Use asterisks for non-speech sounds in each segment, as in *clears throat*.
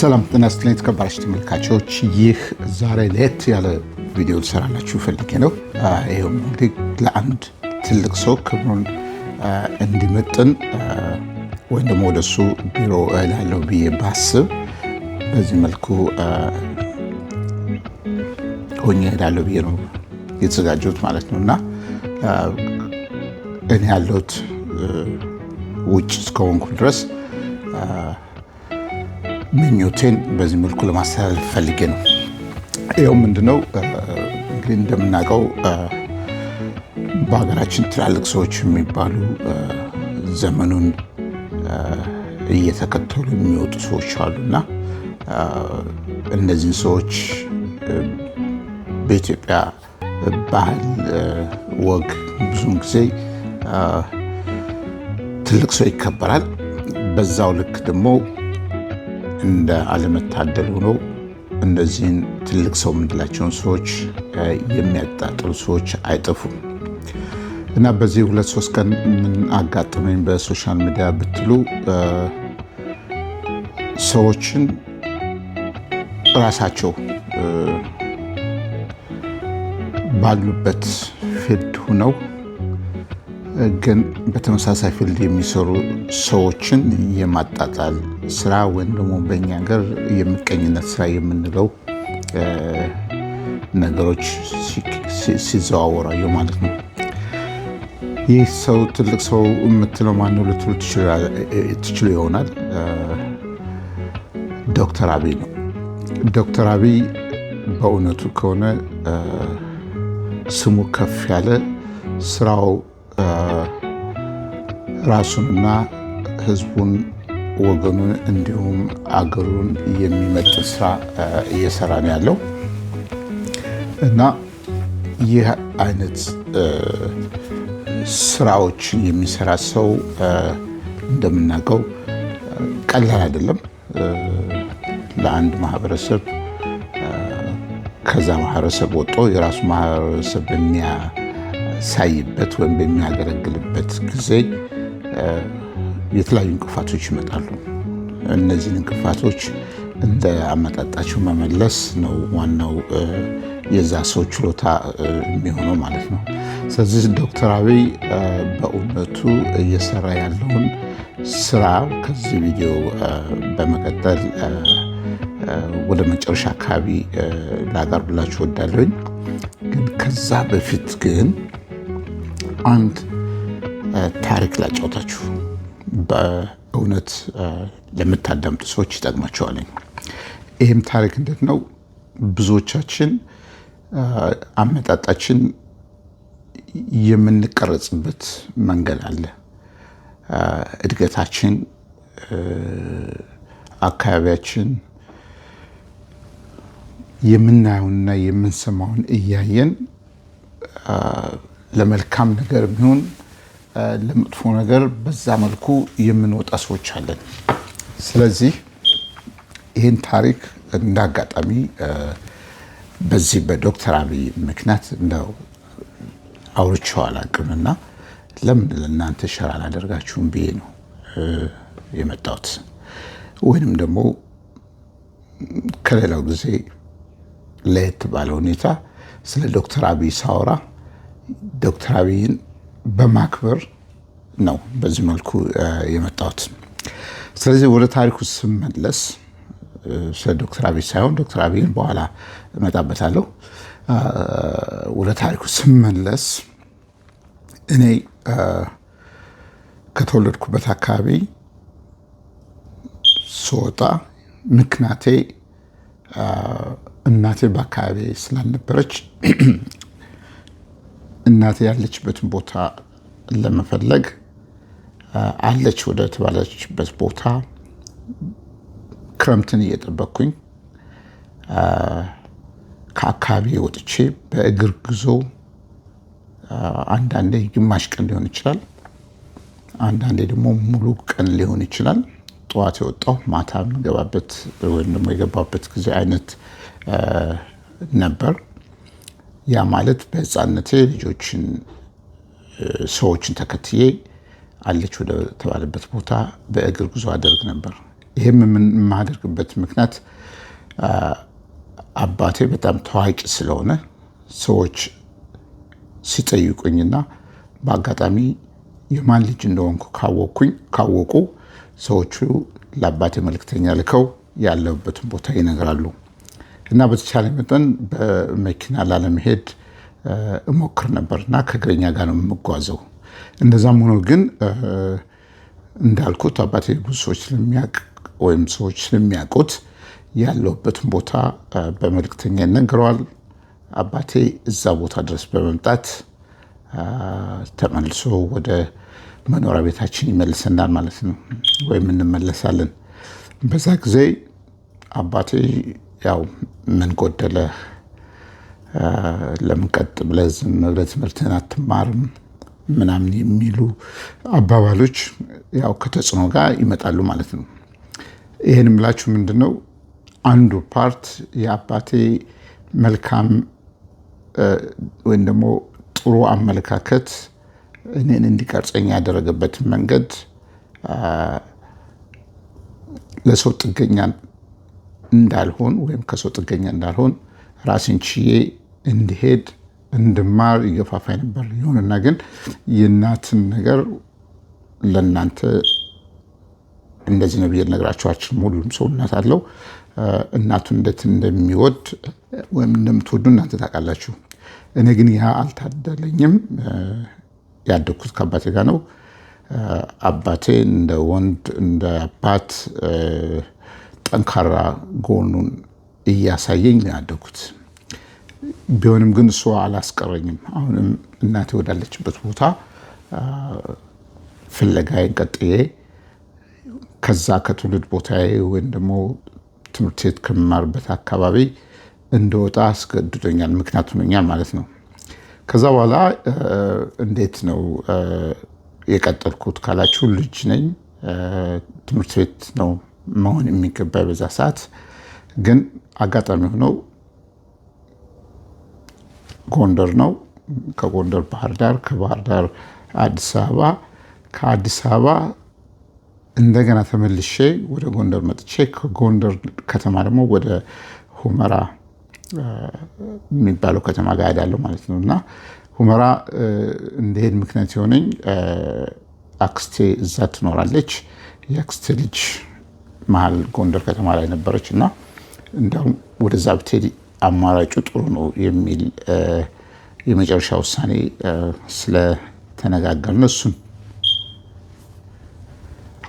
ሰላም ጤና ይስጥልኝ የተከበራችሁ ተመልካቾች፣ ይህ ዛሬ ለየት ያለ ቪዲዮ ልሰራላችሁ ፈልጌ ነው። ይኸውም እንግዲህ ለአንድ ትልቅ ሰው ክብሩን እንዲመጥን ወይም ደግሞ ወደሱ ቢሮ እላለሁ ብዬ ባስብ በዚህ መልኩ ሆኜ ሄዳለው ብዬ ነው የተዘጋጀሁት ማለት ነው እና እኔ ያለሁት ውጭ እስከሆንኩ ድረስ ምኞቴን በዚህ መልኩ ለማስተላለፍ ፈልጌ ነው። ይኸው ምንድነው እንግዲህ እንደምናውቀው በሀገራችን ትላልቅ ሰዎች የሚባሉ ዘመኑን እየተከተሉ የሚወጡ ሰዎች አሉና እነዚህን ሰዎች በኢትዮጵያ ባህል ወግ ብዙውን ጊዜ ትልቅ ሰው ይከበራል። በዛው ልክ ደግሞ እንደ አለመታደል ሆኖ እነዚህን ትልቅ ሰው የምንላቸውን ሰዎች የሚያጣጥሉ ሰዎች አይጠፉም እና በዚህ ሁለት ሶስት ቀን ምን አጋጥመኝ በሶሻል ሚዲያ ብትሉ ሰዎችን ራሳቸው ባሉበት ፊልድ ሁነው ግን በተመሳሳይ ፊልድ የሚሰሩ ሰዎችን የማጣጣል ስራ ወይም ደግሞ በእኛ ሀገር የምቀኝነት ስራ የምንለው ነገሮች ሲዘዋወራዩ ማለት ነው። ይህ ሰው ትልቅ ሰው የምትለው ማነው ልትሉ ትችሉ ይሆናል። ዶክተር አብይ ነው። ዶክተር አብይ በእውነቱ ከሆነ ስሙ ከፍ ያለ ስራው ራሱንና ህዝቡን ወገኑን እንዲሁም አገሩን የሚመጥን ስራ እየሰራ ነው ያለው እና ይህ አይነት ስራዎች የሚሰራ ሰው እንደምናውቀው ቀላል አይደለም። ለአንድ ማህበረሰብ ከዛ ማህበረሰብ ወጥቶ የራሱ ማህበረሰብ የሚያ በሚያሳይበት ወይም በሚያገለግልበት ጊዜ የተለያዩ እንቅፋቶች ይመጣሉ። እነዚህን እንቅፋቶች እንደ አመጣጣቸው መመለስ ነው ዋናው የዛ ሰው ችሎታ የሚሆነው ማለት ነው። ስለዚህ ዶክተር አብይ በእውነቱ እየሰራ ያለውን ስራ ከዚህ ቪዲዮ በመቀጠል ወደ መጨረሻ አካባቢ ላቀርብላችሁ ወዳለኝ ግን ከዛ በፊት ግን አንድ ታሪክ ላጫውታችሁ፣ በእውነት ለምታዳምጡ ሰዎች ይጠቅማቸዋል። ይህም ታሪክ እንዴት ነው? ብዙዎቻችን አመጣጣችን የምንቀረጽበት መንገድ አለ። እድገታችን፣ አካባቢያችን የምናየውንና የምንሰማውን እያየን ለመልካም ነገር ቢሆን ለመጥፎ ነገር በዛ መልኩ የምንወጣ ሰዎች አለን። ስለዚህ ይህን ታሪክ እንዳጋጣሚ በዚህ በዶክተር አብይ ምክንያት እንደው አውርቼው አላቅምና ለምን ለእናንተ ሸር አላደርጋችሁም ብዬ ነው የመጣሁት። ወይንም ደግሞ ከሌላው ጊዜ ለየት ባለ ሁኔታ ስለ ዶክተር አብይ ሳወራ ዶክተር አብይን በማክበር ነው በዚህ መልኩ የመጣሁት። ስለዚህ ወደ ታሪኩ ስመለስ ስለ ዶክተር አብይ ሳይሆን ዶክተር አብይን በኋላ እመጣበታለሁ። ወደ ታሪኩ ስመለስ እኔ ከተወለድኩበት አካባቢ ስወጣ ምክንያቴ እናቴ በአካባቢ ስላልነበረች እናት ያለችበትን ቦታ ለመፈለግ አለች ወደ ተባለችበት ቦታ ክረምትን እየጠበኩኝ ከአካባቢ ወጥቼ በእግር ጉዞ አንዳንዴ ግማሽ ቀን ሊሆን ይችላል፣ አንዳንዴ ደግሞ ሙሉ ቀን ሊሆን ይችላል። ጠዋት የወጣው ማታ የምገባበት ወይም ደግሞ የገባበት ጊዜ አይነት ነበር። ያ ማለት በህፃንነቴ ልጆችን ሰዎችን ተከትዬ አለች ወደ ተባለበት ቦታ በእግር ጉዞ አደርግ ነበር። ይህም የማደርግበት ምክንያት አባቴ በጣም ታዋቂ ስለሆነ ሰዎች ሲጠይቁኝና በአጋጣሚ የማን ልጅ እንደሆንኩ ካወቁ ሰዎቹ ለአባቴ መልክተኛ ልከው ያለበትን ቦታ ይነግራሉ። እና በተቻለ መጠን በመኪና ላለመሄድ እሞክር ነበር እና ከእግረኛ ጋር ነው የምጓዘው። እንደዛም ሆኖ ግን እንዳልኩት አባቴ ብዙ ሰዎች ስለሚያውቅ ወይም ሰዎች ስለሚያውቁት ያለውበትን ቦታ በመልክተኛ ይነግረዋል። አባቴ እዛ ቦታ ድረስ በመምጣት ተመልሶ ወደ መኖሪያ ቤታችን ይመልሰናል ማለት ነው፣ ወይም እንመለሳለን። በዛ ጊዜ አባቴ ያው ምን ጎደለ ለምን ቀጥ ብለህ ዝም ብለህ ትምህርትህን አትማርም ምናምን የሚሉ አባባሎች ያው ከተጽዕኖ ጋር ይመጣሉ ማለት ነው። ይህን ምላችሁ ምንድን ነው አንዱ ፓርት የአባቴ መልካም ወይም ደግሞ ጥሩ አመለካከት እኔን እንዲቀርጸኝ ያደረገበትን መንገድ ለሰው ጥገኛ እንዳልሆን ወይም ከሰው ጥገኛ እንዳልሆን ራሴን ችዬ እንድሄድ እንድማር እየፋፋይ ነበር። ይሁንና ግን የእናትን ነገር ለእናንተ እንደዚህ ነው ብዬ ነግራቸኋችን ሁሉም ሰው እናት አለው። እናቱ እንዴት እንደሚወድ ወይም እንደምትወዱ እናንተ ታውቃላችሁ። እኔ ግን ያ አልታደለኝም። ያደግኩት ከአባቴ ጋር ነው። አባቴ እንደ ወንድ እንደ አባት ጠንካራ ጎኑን እያሳየኝ ነው ያደጉት። ቢሆንም ግን እሱ አላስቀረኝም። አሁንም እናቴ ወዳለችበት ቦታ ፍለጋዬን ቀጥዬ ከዛ ከትውልድ ቦታዬ ወይም ደግሞ ትምህርት ቤት ከምማርበት አካባቢ እንደወጣ አስገድዶኛል፣ ምክንያት ሆኖኛል ማለት ነው። ከዛ በኋላ እንዴት ነው የቀጠልኩት ካላችሁ ልጅ ነኝ። ትምህርት ቤት ነው መሆን የሚገባ በዛ ሰዓት ግን አጋጣሚ ሆነው ጎንደር ነው። ከጎንደር ባህር ዳር፣ ከባህር ዳር አዲስ አበባ፣ ከአዲስ አበባ እንደገና ተመልሼ ወደ ጎንደር መጥቼ ከጎንደር ከተማ ደግሞ ወደ ሁመራ የሚባለው ከተማ ጋር እሄዳለሁ ማለት ነው እና ሁመራ እንደሄድ ምክንያት የሆነኝ አክስቴ እዛ ትኖራለች። የአክስቴ ልጅ መሀል ጎንደር ከተማ ላይ ነበረች እና እንዲሁም ወደዛ ብትሄድ አማራጩ ጥሩ ነው የሚል የመጨረሻ ውሳኔ ስለተነጋገርን እሱን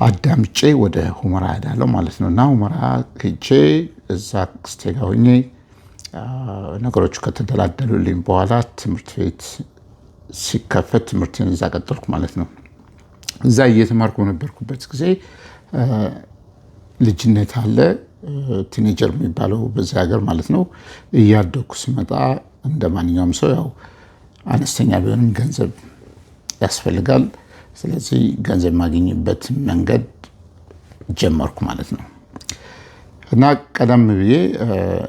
አዳምጬ ወደ ሁመራ እሄዳለሁ ማለት ነው እና ሁመራ ሄጄ እዛ ስቴጋ ሆኜ ነገሮቹ ከተደላደሉልኝ በኋላ ትምህርት ቤት ሲከፈት ትምህርትን እዛ ቀጠልኩ ማለት ነው። እዛ እየተማርኩ በነበርኩበት ጊዜ ልጅነት አለ ቲኔጀር የሚባለው በዚህ ሀገር ማለት ነው። እያደኩ ስመጣ እንደ ማንኛውም ሰው ያው አነስተኛ ቢሆንም ገንዘብ ያስፈልጋል። ስለዚህ ገንዘብ የማገኝበት መንገድ ጀመርኩ ማለት ነው እና ቀደም ብዬ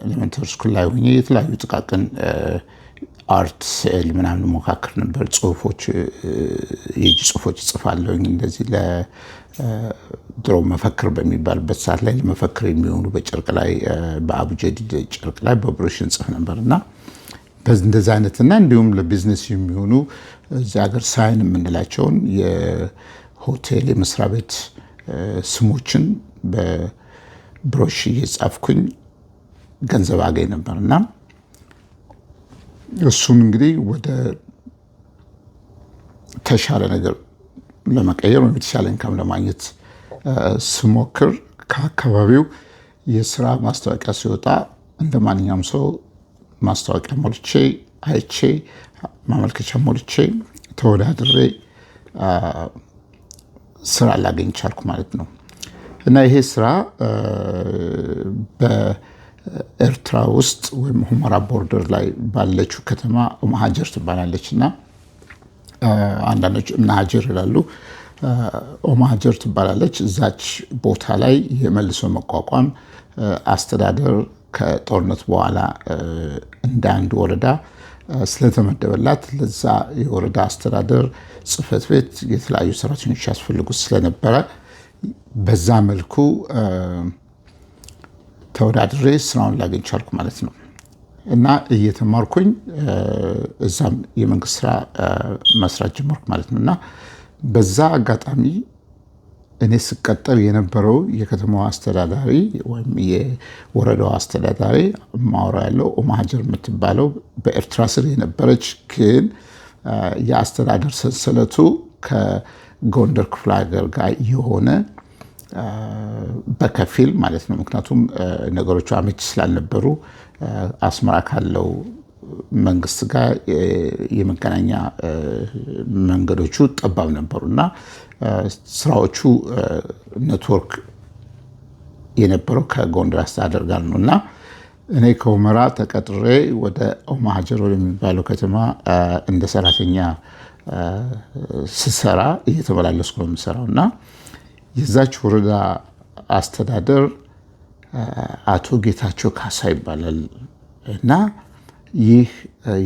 ኤሌመንተሪ ስኩል ላይ ሆኜ የተለያዩ ጥቃቅን አርት፣ ስዕል ምናምን ሞካክር ነበር። ጽሁፎች የእጅ ጽሁፎች እጽፋለሁ እንደዚህ ድሮ መፈክር በሚባልበት ሰዓት ላይ ለመፈክር የሚሆኑ በጨርቅ ላይ በአቡጀዲድ ጨርቅ ላይ በብሩሽ እንጽፍ ነበር እና እንደዛ አይነትና እንዲሁም ለቢዝነስ የሚሆኑ እዚህ ሀገር ሳይን የምንላቸውን የሆቴል የመስሪያ ቤት ስሞችን በብሮሽ እየጻፍኩኝ ገንዘብ አገኝ ነበር እና እሱም እንግዲህ ወደ ተሻለ ነገር ለመቀየር ወይም የተሻለ ኢንካም ለማግኘት ስሞክር ከአካባቢው የስራ ማስታወቂያ ሲወጣ እንደ ማንኛውም ሰው ማስታወቂያ ሞልቼ አይቼ ማመልከቻ ሞልቼ ተወዳድሬ ስራ ላገኝ ቻልኩ ማለት ነው። እና ይሄ ስራ በኤርትራ ውስጥ ወይም ሁመራ ቦርደር ላይ ባለችው ከተማ ሀጀር ትባላለች እና አንዳንዶች ምናሀጅር ይላሉ። ኦማሀጀር ትባላለች። እዛች ቦታ ላይ የመልሶ መቋቋም አስተዳደር ከጦርነት በኋላ እንደ አንድ ወረዳ ስለተመደበላት ለዛ የወረዳ አስተዳደር ጽህፈት ቤት የተለያዩ ሰራተኞች ያስፈልጉት ስለነበረ በዛ መልኩ ተወዳድሬ ስራውን ላገኝ ቻልኩ ማለት ነው። እና እየተማርኩኝ እዛም የመንግስት ስራ መስራት ጀመርኩ ማለት ነው። እና በዛ አጋጣሚ እኔ ስቀጠር የነበረው የከተማዋ አስተዳዳሪ ወይም የወረዳው አስተዳዳሪ ማወራ ያለው ኦማሀጀር የምትባለው በኤርትራ ስር የነበረች ግን የአስተዳደር ሰንሰለቱ ከጎንደር ክፍለ ሀገር ጋር የሆነ በከፊል ማለት ነው። ምክንያቱም ነገሮቹ አመች ስላልነበሩ አስመራ ካለው መንግስት ጋር የመገናኛ መንገዶቹ ጠባብ ነበሩ እና ስራዎቹ ኔትወርክ የነበረው ከጎንደር አስተዳደር ጋር ነው እና እኔ ከሁመራ ተቀጥሬ ወደ ኦማሀጀር ወደሚባለው ከተማ እንደ ሰራተኛ ስሰራ እየተመላለስኩ ነው የምሰራው እና የዛች ወረዳ አስተዳደር አቶ ጌታቸው ካሳ ይባላል እና ይህ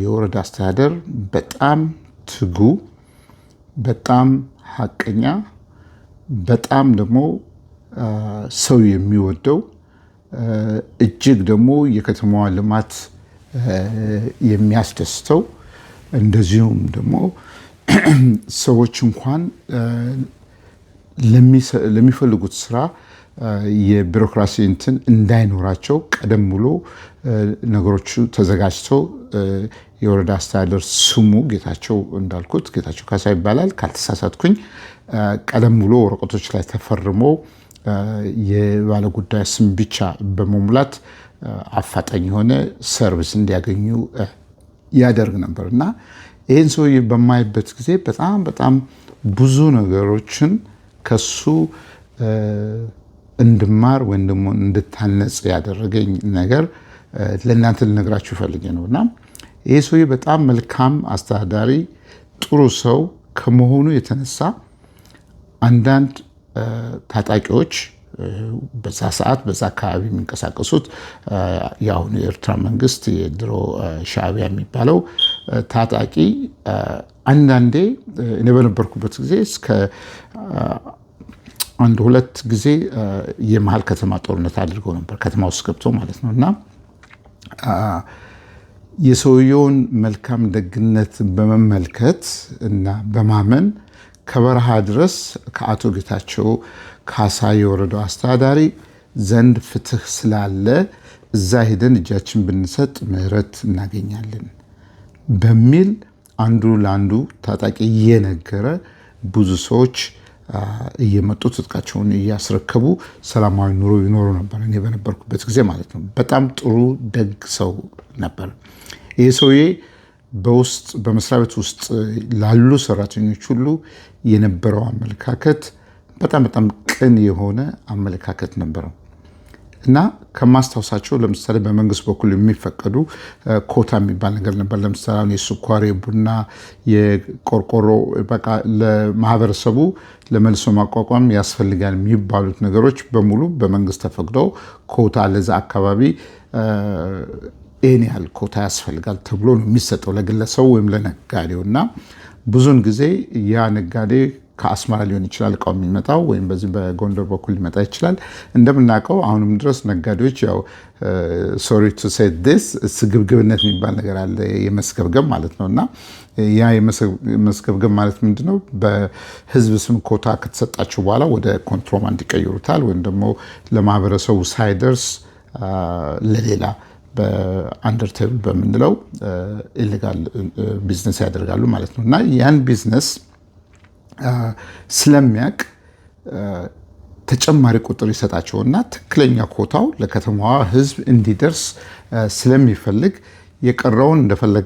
የወረዳ አስተዳደር በጣም ትጉ፣ በጣም ሀቀኛ፣ በጣም ደግሞ ሰው የሚወደው እጅግ ደግሞ የከተማዋ ልማት የሚያስደስተው እንደዚሁም ደግሞ *clears throat* ሰዎች እንኳን ለሚፈልጉት ስራ የቢሮክራሲ እንትን እንዳይኖራቸው ቀደም ብሎ ነገሮቹ ተዘጋጅቶ የወረዳ አስተዳደር ስሙ ጌታቸው እንዳልኩት ጌታቸው ካሳ ይባላል፣ ካልተሳሳትኩኝ ቀደም ብሎ ወረቀቶች ላይ ተፈርሞ የባለ ጉዳይ ስም ብቻ በመሙላት አፋጣኝ የሆነ ሰርቪስ እንዲያገኙ ያደርግ ነበር እና ይህን ሰውዬ በማይበት ጊዜ በጣም በጣም ብዙ ነገሮችን ከሱ እንድማር ወይም ደግሞ እንድታነጽ ያደረገኝ ነገር ለእናንተ ልነግራችሁ ፈልጌ ነው እና ይህ ሰውዬ በጣም መልካም አስተዳዳሪ፣ ጥሩ ሰው ከመሆኑ የተነሳ አንዳንድ ታጣቂዎች በዛ ሰዓት በዛ አካባቢ የሚንቀሳቀሱት የአሁኑ የኤርትራ መንግስት የድሮ ሻዕቢያ የሚባለው ታጣቂ አንዳንዴ እኔ በነበርኩበት ጊዜ እስከ አንድ ሁለት ጊዜ የመሀል ከተማ ጦርነት አድርገው ነበር፣ ከተማ ውስጥ ገብቶ ማለት ነው። እና የሰውየውን መልካም ደግነት በመመልከት እና በማመን ከበረሃ ድረስ ከአቶ ጌታቸው ካሳ የወረደው አስተዳዳሪ ዘንድ ፍትህ ስላለ እዛ ሄደን እጃችን ብንሰጥ ምህረት እናገኛለን በሚል አንዱ ለአንዱ ታጣቂ እየነገረ ብዙ ሰዎች እየመጡ ትጥቃቸውን እያስረከቡ ሰላማዊ ኑሮ ይኖሩ ነበር። እኔ በነበርኩበት ጊዜ ማለት ነው። በጣም ጥሩ ደግ ሰው ነበር። ይህ ሰውዬ በውስጥ በመስሪያ ቤት ውስጥ ላሉ ሰራተኞች ሁሉ የነበረው አመለካከት በጣም በጣም ቅን የሆነ አመለካከት ነበረው። እና ከማስታውሳቸው ለምሳሌ በመንግስት በኩል የሚፈቀዱ ኮታ የሚባል ነገር ነበር። ለምሳሌ አሁን የስኳር፣ የቡና፣ የቆርቆሮ በቃ ለማህበረሰቡ ለመልሶ ማቋቋም ያስፈልጋል የሚባሉት ነገሮች በሙሉ በመንግስት ተፈቅደው ኮታ ለዛ አካባቢ ይህን ያህል ኮታ ያስፈልጋል ተብሎ ነው የሚሰጠው ለግለሰቡ ወይም ለነጋዴው እና ብዙውን ጊዜ ያ ነጋዴ ከአስመራ ሊሆን ይችላል እቃው የሚመጣው ወይም በዚህ በጎንደር በኩል ሊመጣ ይችላል። እንደምናውቀው አሁንም ድረስ ነጋዴዎች ያው ሶሪ ቱ ሴይ ዲስ ስግብግብነት የሚባል ነገር አለ፣ የመስገብገብ ማለት ነው እና ያ የመስገብገብ ማለት ምንድነው? በህዝብ ስም ኮታ ከተሰጣቸው በኋላ ወደ ኮንትሮባንድ ይቀይሩታል ወይም ደግሞ ለማህበረሰቡ ሳይደርስ ለሌላ በአንደር ቴብል በምንለው ኢሌጋል ቢዝነስ ያደርጋሉ ማለት ነው እና ያን ቢዝነስ ስለሚያውቅ ተጨማሪ ቁጥር ይሰጣቸውና ትክክለኛ ኮታው ለከተማዋ ህዝብ እንዲደርስ ስለሚፈልግ የቀረውን እንደፈለግ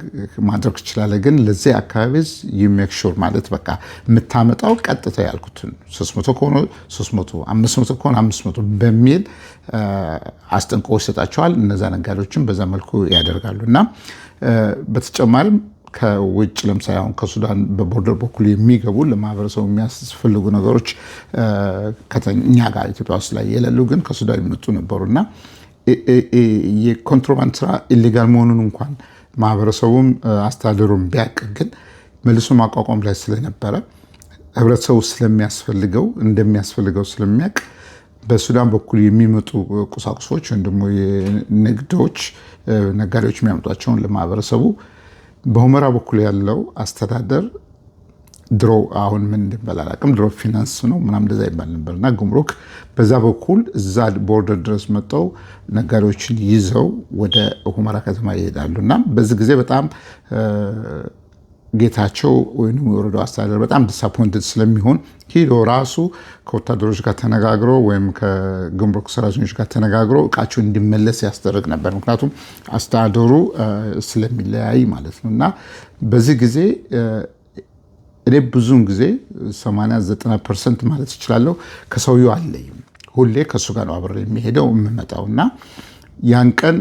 ማድረግ ትችላለህ፣ ግን ለዚህ አካባቢ የሚክሹር ማለት በቃ የምታመጣው ቀጥታ ያልኩትን 300 ከሆነ 300፣ 500 ከሆነ 500 በሚል አስጠንቅቆ ይሰጣቸዋል። እነዛ ነጋዴዎችን በዛ መልኩ ያደርጋሉ እና በተጨማሪም ከውጭ ለምሳሌ አሁን ከሱዳን በቦርደር በኩል የሚገቡ ለማህበረሰቡ የሚያስፈልጉ ነገሮች ከተኛ ጋር ኢትዮጵያ ውስጥ ላይ የሌሉ ግን ከሱዳን የሚመጡ ነበሩ እና የኮንትሮባንድ ስራ ኢሌጋል መሆኑን እንኳን ማህበረሰቡም አስተዳደሩም ቢያቅ ግን መልሶ ማቋቋም ላይ ስለነበረ ህብረተሰቡ ስለሚያስፈልገው እንደሚያስፈልገው ስለሚያውቅ በሱዳን በኩል የሚመጡ ቁሳቁሶች ወይም ደግሞ ንግዶች ነጋዴዎች የሚያመጧቸውን ለማህበረሰቡ በሁመራ በኩል ያለው አስተዳደር ድሮ አሁን ምን እንደሚባል አላውቅም። ድሮ ፊናንስ ነው ምናምን እንደዛ ይባል ነበር እና ጉምሩክ በዛ በኩል እዛ ቦርደር ድረስ መጠው ነጋዴዎችን ይዘው ወደ ሁመራ ከተማ ይሄዳሉ እና በዚህ ጊዜ በጣም ጌታቸው ወይም የወረዳው አስተዳደር በጣም ዲስአፖይንትድ ስለሚሆን ሂዶ ራሱ ከወታደሮች ጋር ተነጋግሮ ወይም ከጉምሩክ ሰራተኞች ጋር ተነጋግሮ እቃቸው እንዲመለስ ያስደርግ ነበር። ምክንያቱም አስተዳደሩ ስለሚለያይ ማለት ነው። እና በዚህ ጊዜ እኔ ብዙውን ጊዜ 89 ፐርሰንት ማለት ይችላለሁ ከሰውየው አለይም። ሁሌ ከእሱ ጋር ነው አብሬ የሚሄደው የምመጣው። እና ያን ቀን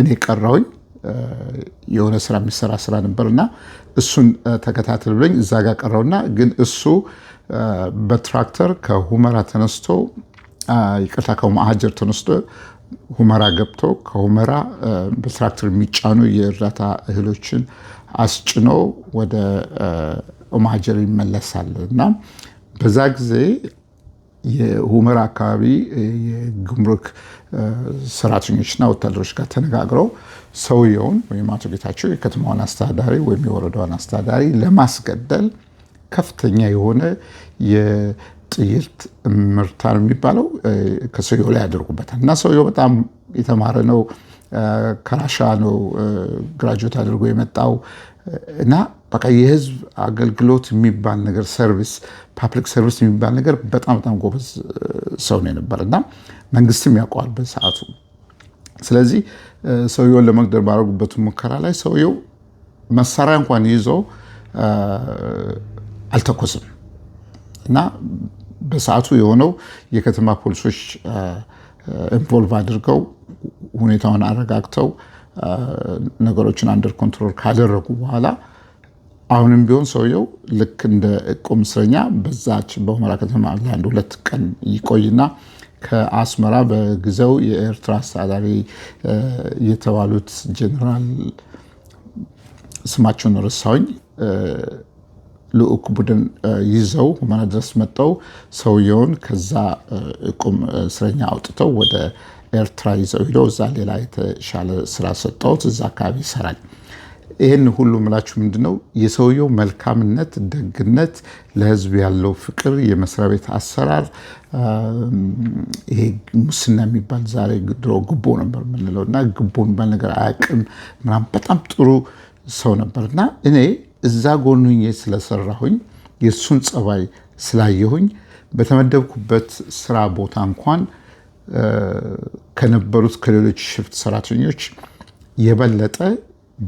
እኔ ቀራውኝ የሆነ ስራ የሚሰራ ስራ ነበር እና እሱን ተከታተል ብለኝ እዛ ጋር ቀረውና ግን እሱ በትራክተር ከሁመራ ተነስቶ ይቅርታ ከሙሀጀር ተነስቶ ሁመራ ገብቶ ከሁመራ በትራክተር የሚጫኑ የእርዳታ እህሎችን አስጭኖ ወደ ሙሀጀር ይመለሳል እና በዛ ጊዜ የሁመራ አካባቢ የጉምሩክ ሰራተኞችና ወታደሮች ጋር ተነጋግረው ሰውየውን ወይም አቶ ጌታቸው የከተማዋን አስተዳዳሪ ወይም የወረዳዋን አስተዳዳሪ ለማስገደል ከፍተኛ የሆነ የጥይት ምርታ ነው የሚባለው ከሰውየው ላይ ያደርጉበታል እና ሰውየው በጣም የተማረ ነው። ከራሻ ነው ግራጆት አድርጎ የመጣው እና በቃ የህዝብ አገልግሎት የሚባል ነገር ሰርቪስ ፓብሊክ ሰርቪስ የሚባል ነገር በጣም በጣም ጎበዝ ሰው ነው የነበር እና መንግስትም ያውቀዋል በሰዓቱ። ስለዚህ ሰውየውን ለመግደር ባደረጉበት ሙከራ ላይ ሰውየው መሳሪያ እንኳን ይዞ አልተኮስም እና በሰዓቱ የሆነው የከተማ ፖሊሶች ኢንቮልቭ አድርገው ሁኔታውን አረጋግተው ነገሮችን አንደር ኮንትሮል ካደረጉ በኋላ አሁንም ቢሆን ሰውየው ልክ እንደ እቁም እስረኛ በዛች በሁመራ ከተማ ለአንድ ሁለት ቀን ይቆይና ከአስመራ በጊዜው የኤርትራ አስተዳዳሪ የተባሉት ጀኔራል ስማቸውን ረሳሁኝ ልዑክ ቡድን ይዘው ሁመራ ድረስ መጥተው ሰውየውን ከዛ እቁም እስረኛ አውጥተው ወደ ኤርትራ ይዘው ሂዶ እዛ ሌላ የተሻለ ስራ ሰጠውት እዛ አካባቢ ይሰራል። ይህን ሁሉ ምላችሁ ምንድነው የሰውየው መልካምነት፣ ደግነት፣ ለህዝብ ያለው ፍቅር፣ የመስሪያ ቤት አሰራር፣ ይሄ ሙስና የሚባል ዛሬ ድሮ ጉቦ ነበር የምንለው እና ጉቦ የሚባል ነገር አያውቅም ምናምን በጣም ጥሩ ሰው ነበር እና እኔ እዛ ጎኑኜ ስለሰራሁኝ የእሱን ጸባይ ስላየሁኝ በተመደብኩበት ስራ ቦታ እንኳን ከነበሩት ከሌሎች ሽፍት ሰራተኞች የበለጠ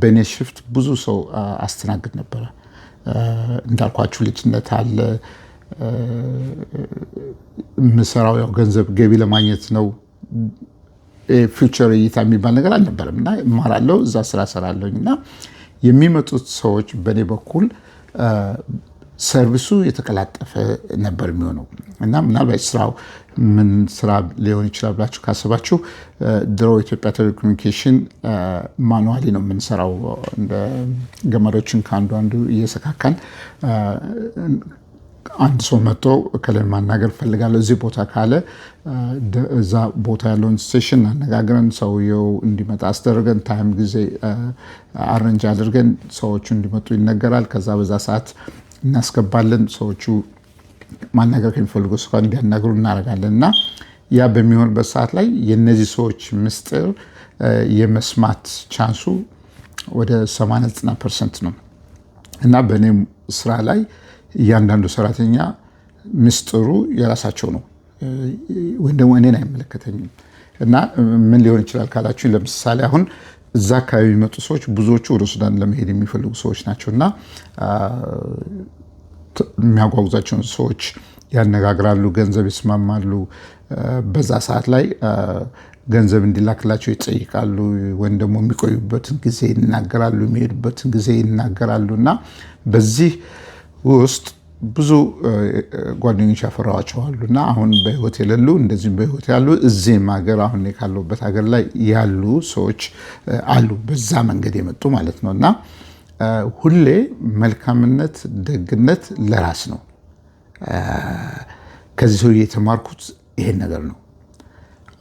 በእኔ ሽፍት ብዙ ሰው አስተናግድ ነበረ። እንዳልኳችሁ ልጅነት አለ። ምሰራው ያው ገንዘብ ገቢ ለማግኘት ነው። ፊውቸር እይታ የሚባል ነገር አልነበረም እና እማራለሁ፣ እዛ ስራ ሰራለሁኝ እና የሚመጡት ሰዎች በእኔ በኩል ሰርቪሱ የተቀላጠፈ ነበር የሚሆነው እና ምናልባት ስራው ምን ስራ ሊሆን ይችላል ብላችሁ ካሰባችሁ ድሮ ኢትዮጵያ ቴሌኮሙኒኬሽን ማኑዋሊ ነው የምንሰራው። ገመዶችን ከአንዱ አንዱ እየሰካካን አንድ ሰው መጥቶ ከላይ ማናገር ፈልጋለሁ እዚህ ቦታ ካለ እዛ ቦታ ያለውን ስቴሽን አነጋግረን ሰውየው እንዲመጣ አስደርገን ታይም ጊዜ አረንጅ አድርገን ሰዎቹ እንዲመጡ ይነገራል። ከዛ በዛ ሰዓት እናስገባለን። ሰዎቹ ማናገር ከሚፈልጉ ሰው ጋር እንዲያናግሩ እናደርጋለን እና ያ በሚሆንበት ሰዓት ላይ የእነዚህ ሰዎች ምስጢር የመስማት ቻንሱ ወደ 89 ፐርሰንት ነው እና በእኔ ስራ ላይ እያንዳንዱ ሰራተኛ ምስጢሩ የራሳቸው ነው ወይም ደግሞ እኔን አይመለከተኝም እና ምን ሊሆን ይችላል ካላችሁ፣ ለምሳሌ አሁን እዛ አካባቢ የሚመጡ ሰዎች ብዙዎቹ ወደ ሱዳን ለመሄድ የሚፈልጉ ሰዎች ናቸው እና የሚያጓጉዛቸውን ሰዎች ያነጋግራሉ፣ ገንዘብ ይስማማሉ። በዛ ሰዓት ላይ ገንዘብ እንዲላክላቸው ይጠይቃሉ፣ ወይም ደግሞ የሚቆዩበትን ጊዜ ይናገራሉ፣ የሚሄዱበትን ጊዜ ይናገራሉ እና በዚህ ውስጥ ብዙ ጓደኞች ያፈራዋቸው አሉ እና አሁን በህይወት የሌሉ እንደዚህም በህይወት ያሉ እዚህም ሀገር አሁን ካለሁበት ሀገር ላይ ያሉ ሰዎች አሉ፣ በዛ መንገድ የመጡ ማለት ነው። እና ሁሌ መልካምነት፣ ደግነት ለራስ ነው። ከዚህ ሰው የተማርኩት ይሄን ነገር ነው።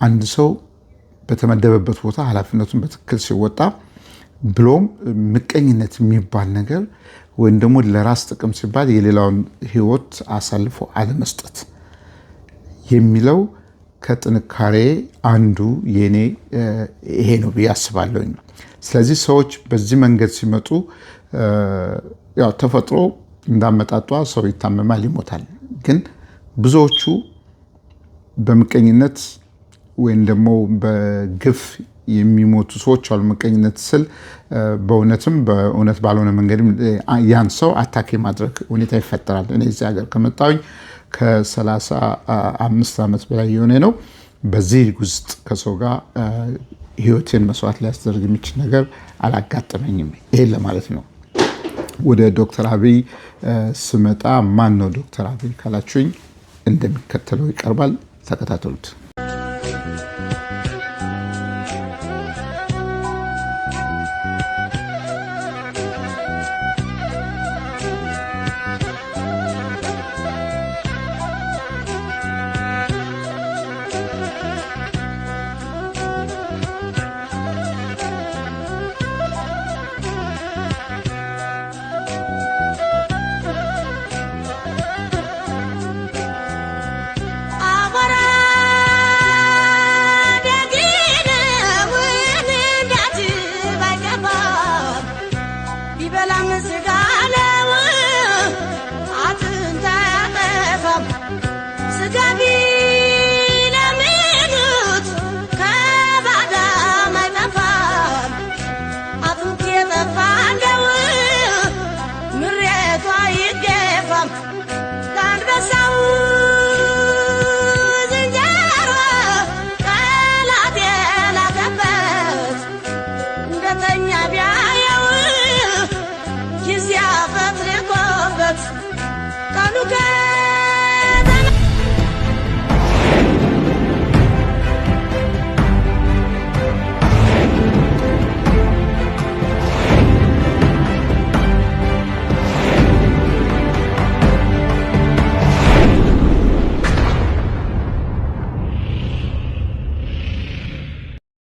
አንድ ሰው በተመደበበት ቦታ ኃላፊነቱን በትክክል ሲወጣ ብሎም ምቀኝነት የሚባል ነገር ወይም ደግሞ ለራስ ጥቅም ሲባል የሌላውን ህይወት አሳልፎ አለመስጠት የሚለው ከጥንካሬ አንዱ የኔ ይሄ ነው ብዬ አስባለሁኝ። ስለዚህ ሰዎች በዚህ መንገድ ሲመጡ ያው ተፈጥሮ እንዳመጣጧ ሰው ይታመማል፣ ይሞታል። ግን ብዙዎቹ በምቀኝነት ወይም ደግሞ በግፍ የሚሞቱ ሰዎች አሉ። ምቀኝነት ስል በእውነትም በእውነት ባልሆነ መንገድ ያን ሰው አታክ ማድረግ ሁኔታ ይፈጠራል። እኔ እዚህ ሀገር ከመጣሁኝ ከ አምስት ዓመት በላይ የሆነ ነው። በዚህ ውስጥ ከሰው ጋር ህይወቴን መስዋዕት ሊያስደርግ የሚችል ነገር አላጋጠመኝም። ይሄን ለማለት ነው። ወደ ዶክተር አብይ ስመጣ ማን ነው ዶክተር አብይ ካላችሁኝ እንደሚከተለው ይቀርባል። ተከታተሉት።